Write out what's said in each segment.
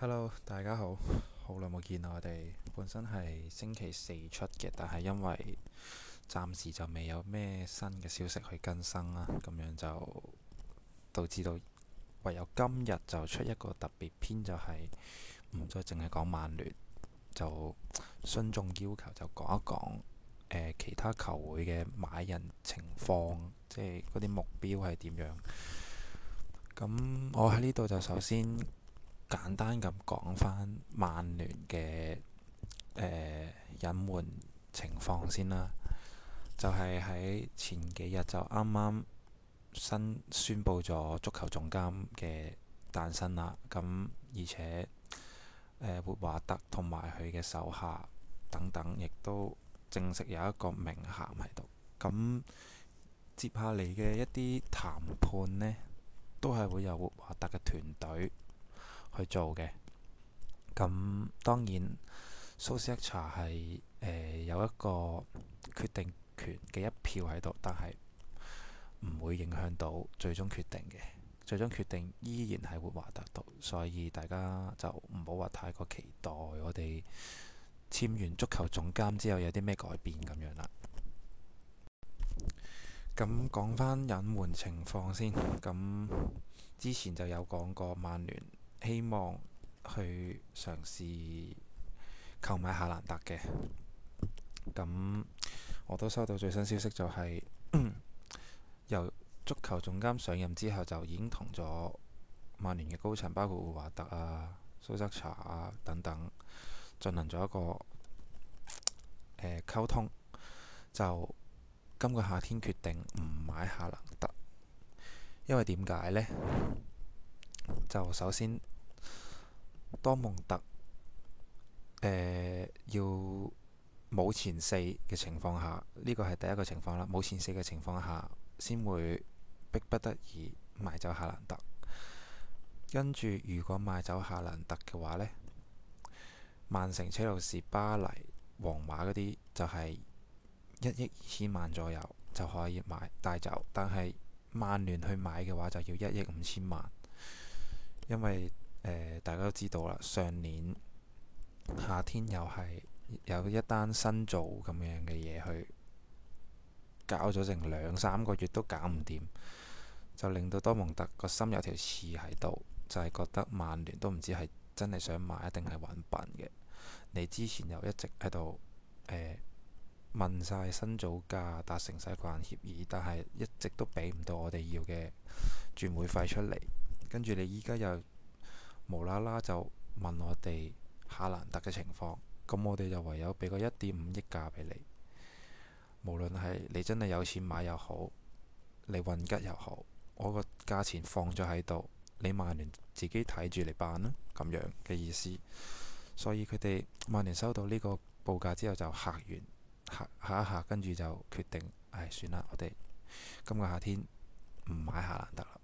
Hello，大家好，好耐冇見啦！我哋本身係星期四出嘅，但係因為暫時就未有咩新嘅消息去更新啦，咁樣就導致到唯有今日就出一個特別篇就，就係唔再淨係講曼聯，就徇眾要求就講一講、呃、其他球會嘅買人情況，即係嗰啲目標係點樣。咁我喺呢度就首先。簡單咁講返曼聯嘅誒、呃、隱瞞情況先啦，就係、是、喺前幾日就啱啱新宣布咗足球總監嘅誕生啦。咁而且誒、呃、活華特同埋佢嘅手下等等，亦都正式有一個名銜喺度。咁接下嚟嘅一啲談判呢，都係會有活華特嘅團隊去做嘅。咁當然，蘇斯一查係、呃、有一個決定權嘅一票喺度，但係唔會影響到最終決定嘅。最終決定依然係活華特度，所以大家就唔好話太過期待我哋簽完足球總監之後有啲咩改變咁樣啦。咁講返隱瞞情況先，咁之前就有講過曼聯。希望去嘗試購買夏蘭特嘅。咁我都收到最新消息、就是，就係 由足球總監上任之後，就已經同咗曼聯嘅高層，包括胡華特啊、蘇澤查啊等等，進行咗一個誒、呃、溝通。就今個夏天決定唔買夏蘭特，因為點解呢？就首先，多蒙特誒、呃、要冇前四嘅情況下，呢、這個係第一個情況啦。冇前四嘅情況下，先會逼不得已賣走夏蘭特。跟住，如果賣走夏蘭特嘅話呢，曼城、車路士、巴黎、皇馬嗰啲就係一億二千萬左右就可以買帶走，但係曼聯去買嘅話就要一億五千萬。因為、呃、大家都知道啦，上年夏天又係有一單新造咁樣嘅嘢去搞咗成兩三個月都搞唔掂，就令到多蒙特個心有條刺喺度，就係、係、覺得曼聯都唔知係真係想買，一定係揾笨嘅。你之前又一直喺度誒問曬新造價，達成曬個人協議，但係一直都俾唔到我哋要嘅轉會費出嚟。跟住你依家又無啦啦就問我哋夏蘭特嘅情況，咁我哋就唯有俾個一點五億價俾你。無論係你真係有錢買又好，你運吉又好，我個價錢放咗喺度，你曼聯自己睇住嚟辦啦，咁樣嘅意思。所以佢哋曼聯收到呢個報價之後就吓完吓吓一吓，跟住就決定，唉、哎，算啦，我哋今個夏天唔買夏蘭特啦。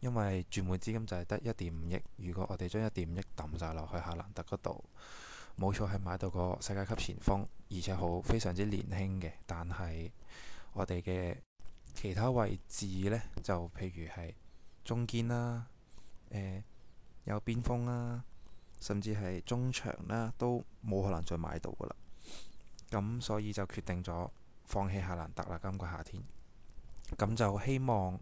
因為轉會資金就係得一點五億，如果我哋將一點五億抌晒落去夏蘭特嗰度，冇錯係買到個世界級前鋒，而且好非常之年輕嘅。但係我哋嘅其他位置呢，就譬如係中堅啦、誒、呃、有邊鋒啦，甚至係中場啦，都冇可能再買到噶啦。咁所以就決定咗放棄夏蘭特啦。今、今個夏天咁就希望。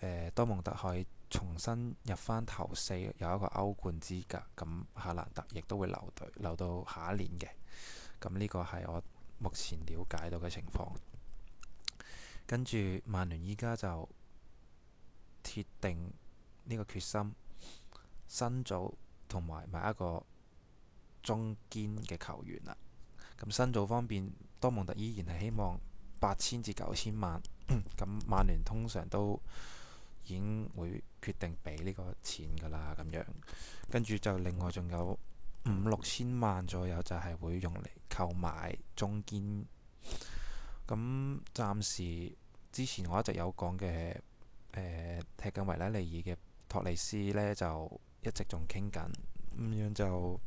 呃、多蒙特可以重新入翻頭四，有一個歐冠資格。咁，夏蘭特亦都會留隊，留到下一年嘅。咁呢個係我目前了解到嘅情況。跟住，曼聯依家就鐵定呢個決心，新組同埋埋一個中堅嘅球員啦。咁新組方面，多蒙特依然係希望八千至九千萬。咁， 曼聯通常都。已經會決定俾呢個錢噶啦，咁樣跟住就另外仲有五六千萬左右，就係會用嚟購買中堅。咁暫時之前我一直有講嘅誒，踢，呃，緊維拉利爾嘅托尼斯呢，就一直仲傾緊，咁樣就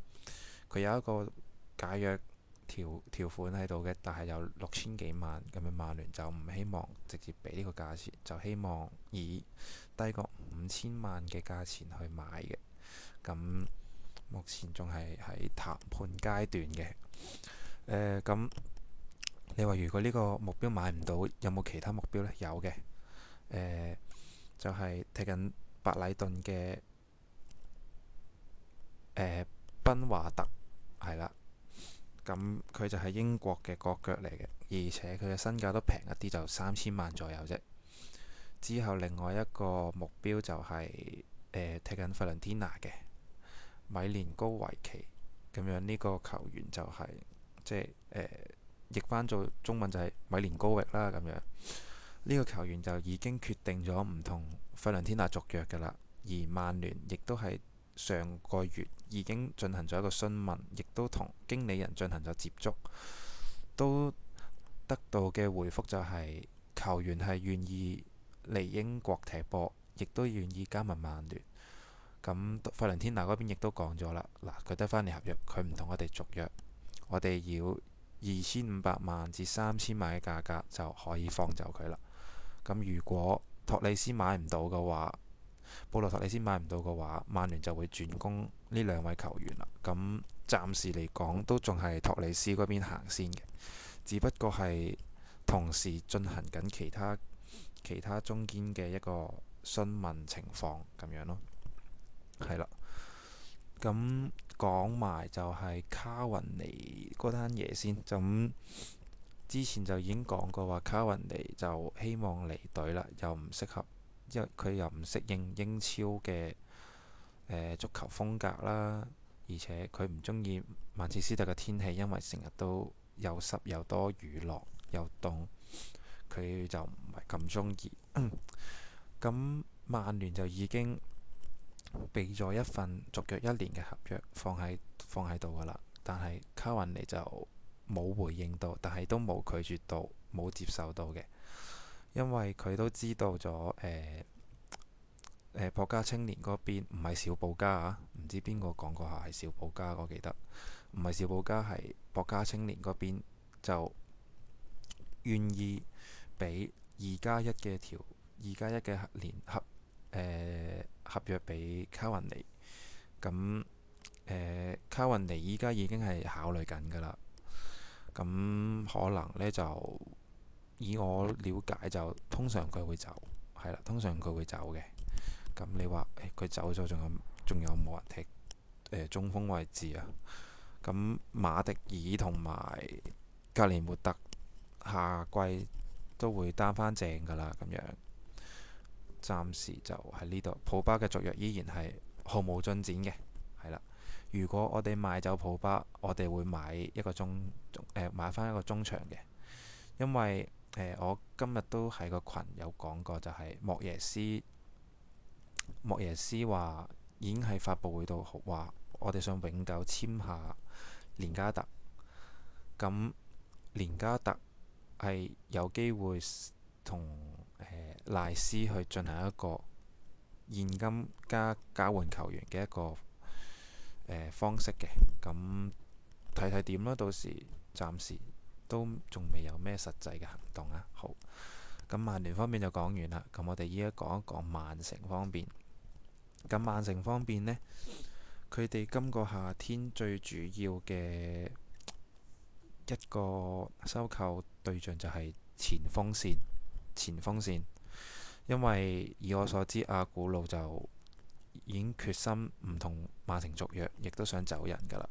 佢有一個解約條條款喺度嘅，但係有六千幾萬咁樣，曼聯就唔希望直接俾呢個價錢，就希望以低過五千萬嘅價錢去買嘅。咁目前仲係喺談判階段嘅。誒、呃、咁，你話如果呢個目標買唔到，有冇其他目標咧？有嘅。誒、呃，就係踢緊白禮頓嘅誒、呃、賓華特，係啦。咁佢就係英國嘅國腳嚟嘅，而且佢嘅身價都平一啲，就三千萬左右啫。之後另外一個目標就係誒踢緊費倫天拿嘅米連高維奇，咁樣呢個球員就係、是、即係誒、呃、譯翻做中文就係米連高域啦咁樣。呢、這個球員就已經決定咗唔同費倫天拿續約㗎喇，而曼聯亦都係。上個月已經進行咗一個詢問，亦都同經理人進行咗接觸，都得到嘅回覆就係、是、球員係願意嚟英國踢波，亦都願意加盟曼聯。咁費倫天拿嗰邊亦都講咗啦，嗱，佢得返嚟合約，佢唔同我哋續約，我哋要二千五百萬至三千萬嘅價格就可以放走佢啦。咁如果托里斯買唔到嘅話，布羅托你先買唔到嘅話，曼聯就會轉攻呢兩位球員啦。咁暫時嚟講都仲係托尼斯嗰邊行先嘅，只不過係同時進行緊其他其他中堅嘅一個詢問情況咁樣咯。係啦，咁講埋就係卡雲尼嗰單嘢先，就之前就已經講過話，卡雲尼就希望離隊啦，又唔適合。因為佢又唔適應英超嘅、呃、足球風格啦，而且佢唔中意曼徹斯特嘅天氣，因為成日都又濕又多雨落又凍，佢就唔係咁中意。咁 曼聯就已經備咗一份續約一年嘅合約放喺放喺度㗎喇，但係卡雲尼就冇回應到，但係都冇拒絕到，冇接受到嘅。因為佢都知道咗，誒、呃，誒、呃，博家青年嗰邊唔係小布家啊，唔知邊個講過下係小布家，我記得，唔係小布家係博家青年嗰邊就願意俾二加一嘅條二加一嘅合聯合，誒、呃、合約俾卡雲尼，咁，誒、呃、卡雲尼依家已經係考慮緊噶啦，咁可能呢就。以我了解就通常佢會走，係啦，通常佢會走嘅。咁你話，佢、欸、走咗仲有仲有冇人踢誒、呃，中鋒位置啊？咁馬迪爾同埋格連沒特下季都會擔翻正噶啦，咁樣，暫時就喺呢度。普巴嘅續約依然係毫無進展嘅，係啦。如果我哋賣走普巴，我哋會買一個中誒、呃，買翻一個中場嘅，因為。呃、我今日都喺個群有講過，就係莫耶斯，莫耶斯話已經喺發佈會度話，我哋想永久簽下連加特，咁連加特係有機會同誒賴斯去進行一個現金加交換球員嘅一個、呃、方式嘅，咁睇睇點啦，到時暫時。都仲未有咩實際嘅行動啊！好，咁曼聯方面就講完啦。咁我哋依家講一講曼城方面。咁曼城方面呢，佢哋今個夏天最主要嘅一個收購對象就係前鋒線，前鋒線。因為以我所知，阿古魯就已經決心唔同曼城續約，亦都想走人㗎喇。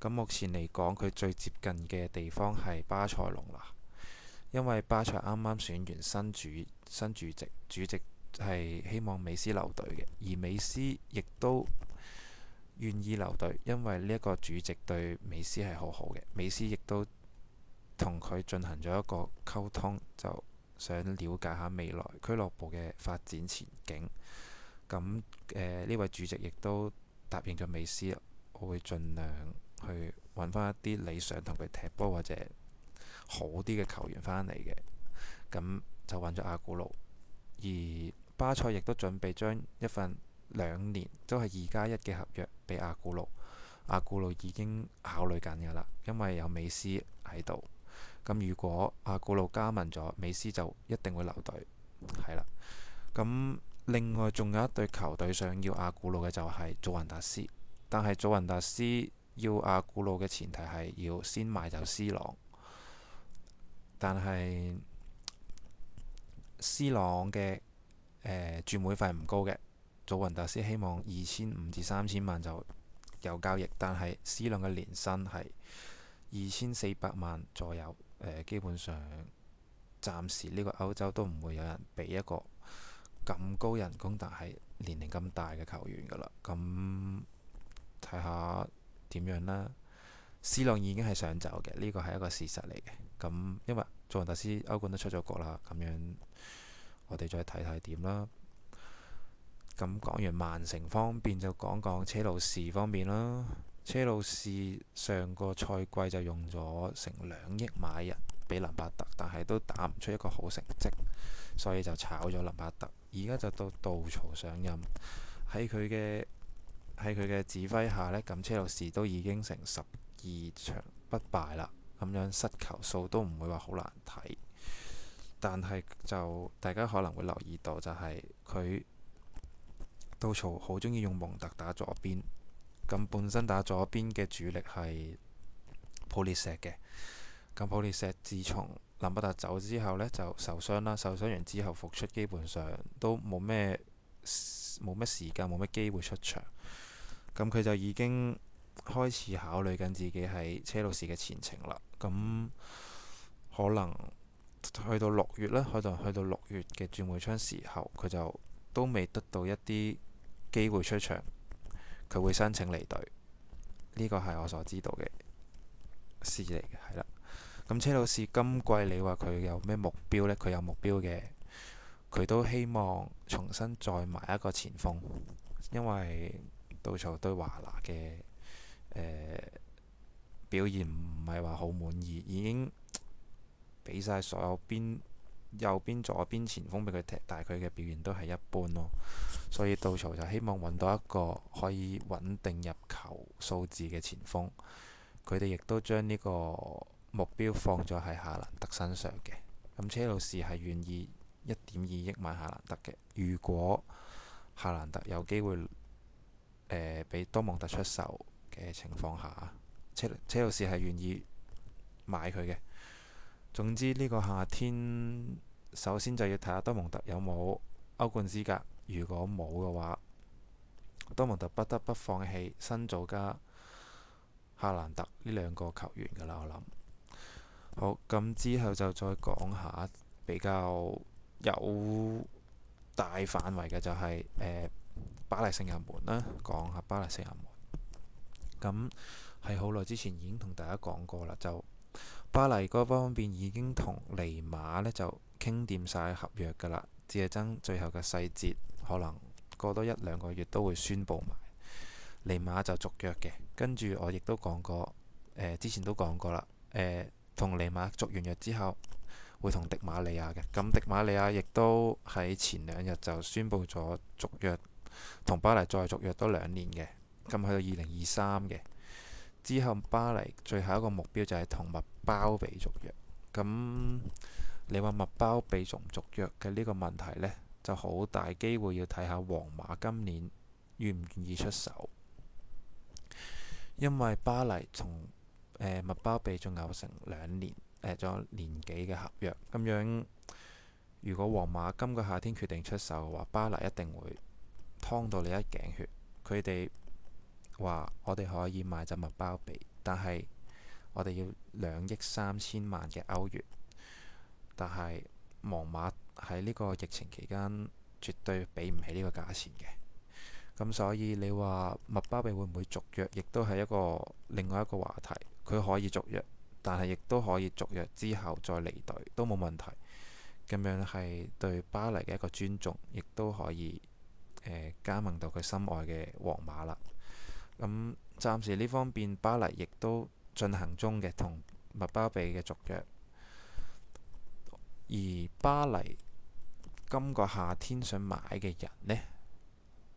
咁目前嚟講，佢最接近嘅地方係巴塞隆拿。因為巴塞啱啱選完新主，新主席，主席係希望美斯留隊嘅，而美斯亦都願意留隊，因為呢一個主席對美斯係好好嘅，美斯亦都同佢進行咗一個溝通，就想了解下未來俱樂部嘅發展前景。咁誒，呢位主席亦都答應咗美斯，我會盡量。去揾翻一啲理想同佢踢波或者好啲嘅球員翻嚟嘅，咁就揾咗阿古路。而巴塞亦都準備將一份兩年都係二加一嘅合約俾阿古路。阿古路已經考慮緊㗎啦，因為有美斯喺度。咁如果阿古路加盟咗，美斯就一定會留隊，係啦。咁另外仲有一隊球隊想要阿古路嘅就係祖雲達斯，但係祖雲達斯，要阿古路嘅前提係要先賣走 C 朗，但係 C 朗嘅誒轉會費唔高嘅，祖雲達斯希望二千五至三千萬就有交易。但係 C 朗嘅年薪係二千四百萬左右，呃、基本上暫時呢個歐洲都唔會有人俾一個咁高人工，但係年齡咁大嘅球員噶啦。咁睇下。看看點樣啦？C 朗已經係想走嘅，呢個係一個事實嚟嘅。咁因為祖雲達斯，歐冠都出咗局啦，咁樣我哋再睇睇點啦。咁講完曼城方面，就講講車路士方面啦。車路士上個賽季就用咗成兩億買人俾林伯特，但係都打唔出一個好成績，所以就炒咗林伯特。而家就到杜曹上任，喺佢嘅。喺佢嘅指揮下呢，咁車路士都已經成十二場不敗啦。咁樣失球數都唔會話好難睇，但係就大家可能會留意到，就係佢杜曹好中意用蒙特打左邊，咁本身打左邊嘅主力係普列石嘅。咁普列石自從林伯特走之後呢就受傷啦。受傷完之後復出，基本上都冇咩冇咩時間，冇咩機會出場。咁佢就已經開始考慮緊自己喺車路士嘅前程啦。咁可能去到六月呢，可能去到六月嘅轉會窗時候，佢就都未得到一啲機會出場，佢會申請離隊。呢個係我所知道嘅事嚟嘅，係啦。咁車路士今季你話佢有咩目標呢？佢有目標嘅，佢都希望重新再買一個前鋒，因為，杜曹對華拿嘅誒表現唔係話好滿意，已經俾晒所有邊、右邊、左邊前鋒俾佢踢，但係佢嘅表現都係一般咯。所以杜曹就希望揾到一個可以穩定入球數字嘅前鋒。佢哋亦都將呢個目標放咗喺夏蘭特身上嘅。咁車路士係願意一點二億買夏蘭特嘅。如果夏蘭特有機會，誒，俾、呃、多蒙特出售嘅情況下，車車路士係願意買佢嘅。總之呢個夏天，首先就要睇下多蒙特有冇歐冠資格。如果冇嘅話，多蒙特不得不放棄辛祖加夏蘭特呢兩個球員嘅啦。我諗，好咁之後就再講下比較有大範圍嘅就係、是、誒。呃巴黎聖日門啦，講下巴黎聖日門。咁係好耐之前已經同大家講過啦。就巴黎嗰方面已經同尼馬呢就傾掂晒合約㗎啦，只係爭最後嘅細節，可能過多一兩個月都會宣布埋尼馬就續約嘅。跟住我亦都講過，誒、呃、之前都講過啦，誒、呃、同尼馬續完約之後會同迪馬利亞嘅，咁，迪馬利亞亦都喺前兩日就宣布咗續約。同巴黎再續約多兩年嘅，咁去到二零二三嘅之後，巴黎最後一個目標就係同麥包比續約。咁你話麥包比續唔續約嘅呢個問題呢，就好大機會要睇下皇馬今年願唔願意出手，因為巴黎同誒、呃、麥包比仲有成兩年誒咗、呃、年幾嘅合約，咁樣如果皇馬今個夏天決定出手嘅話，巴黎一定會。劏到你一頸血，佢哋話：我哋可以買走麥巴比，但係我哋要兩億三千萬嘅歐元。但係皇馬喺呢個疫情期間絕對畀唔起呢個價錢嘅。咁所以你話麥巴比會唔會續約，亦都係一個另外一個話題。佢可以續約，但係亦都可以續約之後再離隊都冇問題。咁樣係對巴黎嘅一個尊重，亦都可以。呃、加盟到佢心愛嘅皇馬啦。咁、嗯、暫時呢方面，巴黎亦都進行中嘅同麥巴比嘅續約。而巴黎今個夏天想買嘅人呢，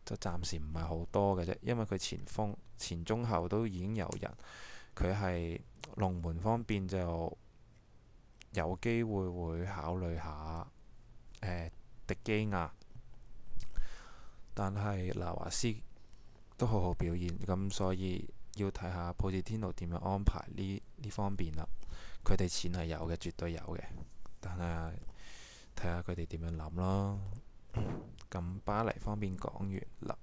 就暫時唔係好多嘅啫，因為佢前鋒前中後都已經有人。佢係龍門方面就有機會會考慮下、呃、迪基亞。但係嗱，拿華斯都好好表現，咁所以要睇下普智天奴點樣安排呢呢方面啦。佢哋錢係有嘅，絕對有嘅。但係睇下佢哋點樣諗咯。咁巴黎方面講完啦，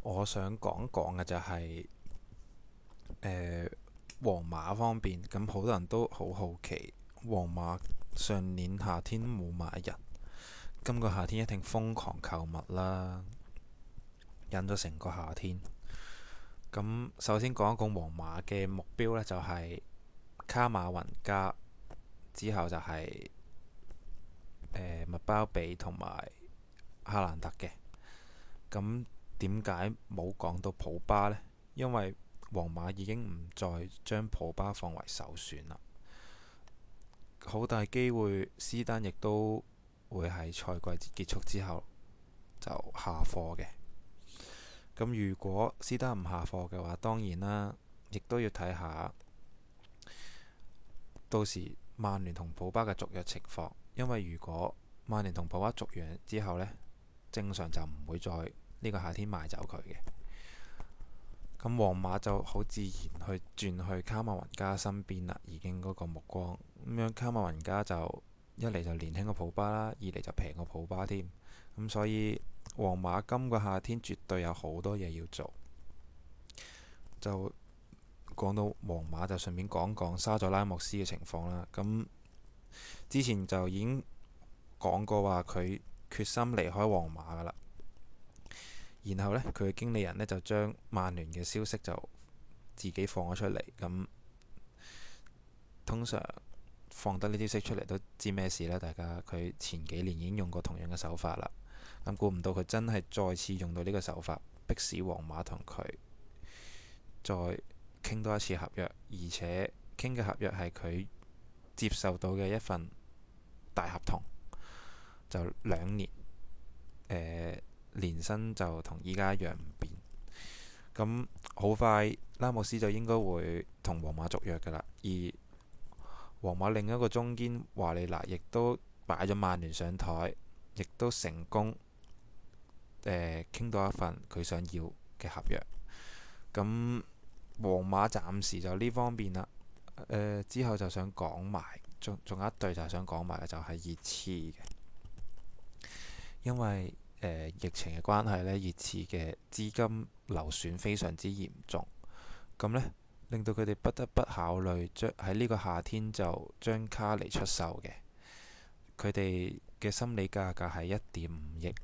我想講講嘅就係、是、誒、呃、皇馬方面，咁好多人都好好奇皇馬上年夏天冇買人。今個夏天一定瘋狂購物啦，忍咗成個夏天。咁首先講一講皇馬嘅目標呢就係卡馬雲加。之後就係誒、呃、麥巴比同埋哈蘭特嘅。咁點解冇講到普巴呢？因為皇馬已經唔再將普巴放為首選啦。好大機會，斯丹亦都。會喺賽季結束之後就下課嘅。咁如果斯德唔下課嘅話，當然啦，亦都要睇下到時曼聯同普巴嘅續約情況。因為如果曼聯同普巴續約之後呢，正常就唔會再呢個夏天賣走佢嘅。咁皇馬就好自然去轉去卡馬雲加身邊啦，已經嗰個目光咁樣，卡馬雲加就。一嚟就年輕過普巴啦，二嚟就平過普巴添，咁、嗯、所以皇馬今個夏天絕對有好多嘢要做。就講到皇馬就順便講講沙佐拉莫斯嘅情況啦。咁、嗯、之前就已經講過話佢決心離開皇馬噶啦，然後呢，佢嘅經理人呢，就將曼聯嘅消息就自己放咗出嚟，咁、嗯、通常，放得呢啲息出嚟都知咩事啦！大家，佢前幾年已經用過同樣嘅手法啦，咁估唔到佢真係再次用到呢個手法，迫使皇馬同佢再傾多一次合約，而且傾嘅合約係佢接受到嘅一份大合同，就兩年，誒，年薪就同依家一樣唔變，咁好快拉莫斯就應該會同皇馬續約噶啦，而皇馬另一個中堅華利娜亦都擺咗曼聯上台，亦都成功誒傾、呃、到一份佢想要嘅合約。咁皇馬暫時就呢方面啦、呃，之後就想講埋，仲仲有一隊就想講埋嘅就係熱刺嘅，因為、呃、疫情嘅關係咧，熱刺嘅資金流損非常之嚴重，咁呢。令到佢哋不得不考慮將喺呢個夏天就將卡尼出售嘅，佢哋嘅心理價格係一點五億。誒、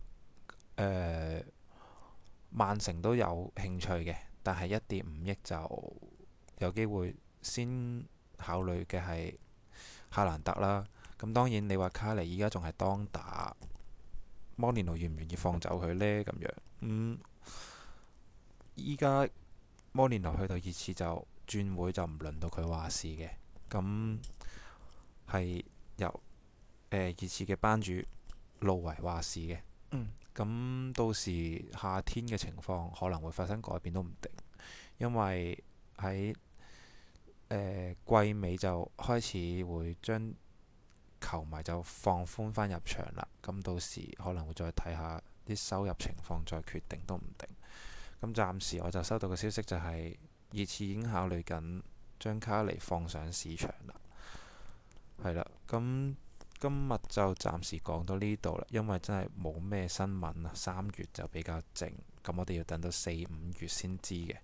呃，曼城都有興趣嘅，但係一點五億就有機會先考慮嘅係哈蘭特啦。咁當然你話卡尼依家仲係當打，摩連奴願唔願意放走佢呢？咁樣咁依家摩連奴去到熱刺就～轉會就唔輪到佢話事嘅，咁係由誒熱刺嘅班主路維話事嘅。咁、嗯、到時夏天嘅情況可能會發生改變都唔定，因為喺誒、呃、季尾就開始會將球迷就放寬返入場啦。咁到時可能會再睇下啲收入情況再決定都唔定。咁暫時我就收到嘅消息就係、是。熱刺已經考慮緊將卡嚟放上市場啦，係啦，咁今日就暫時講到呢度啦，因為真係冇咩新聞啊，三月就比較靜，咁我哋要等到四五月先知嘅。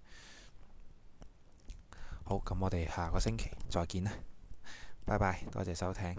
好，咁我哋下個星期再見啦，拜拜，多謝收聽。